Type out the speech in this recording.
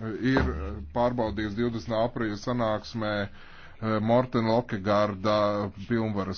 ir pārbaudījis 20. aprīļa sanāksmē eh, Morten Lokegārda pilnvaras.